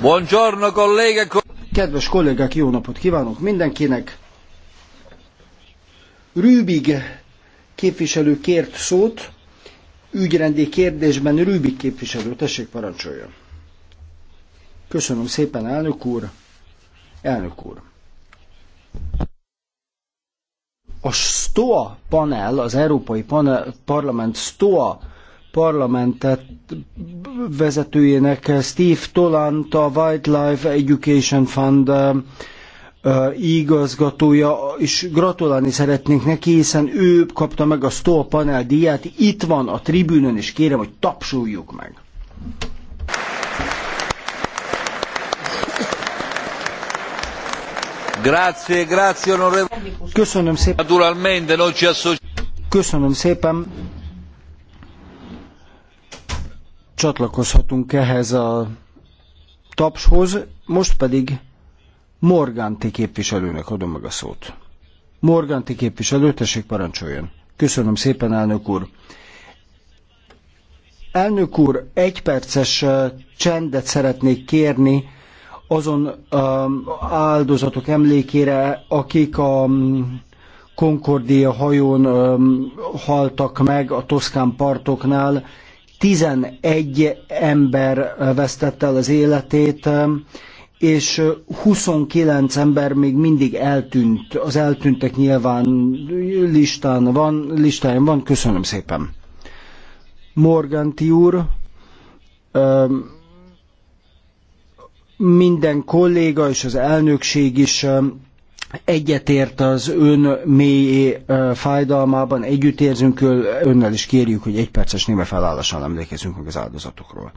Buongiorno, e Kedves kollégák, jó napot kívánok mindenkinek! Rübig képviselő kért szót, ügyrendi kérdésben Rübig képviselő, tessék parancsolja. Köszönöm szépen, elnök úr! Elnök úr! A STOA panel, az Európai panel, Parlament STOA parlamentet vezetőjének, Steve Tolant, a Wildlife Education Fund igazgatója, és gratulálni szeretnénk neki, hiszen ő kapta meg a Stoll Panel díját, itt van a tribűnön, és kérem, hogy tapsoljuk meg. Grazie, grazie, onorevole. Köszönöm szépen. Naturalmente, non ci Köszönöm szépen. csatlakozhatunk ehhez a tapshoz, most pedig Morganti képviselőnek adom meg a szót. Morganti képviselő, tessék parancsoljon. Köszönöm szépen, elnök úr. Elnök úr, egy perces csendet szeretnék kérni azon áldozatok emlékére, akik a Concordia hajón haltak meg a toszkán partoknál, 11 ember vesztette el az életét, um, és 29 ember még mindig eltűnt. Az eltűntek nyilván listán van, listáján van. Köszönöm szépen. Morganti úr, um, minden kolléga és az elnökség is um, egyetért az ön mély fájdalmában, együttérzünk önnel, és kérjük, hogy egy perces néma felállással emlékezzünk meg az áldozatokról.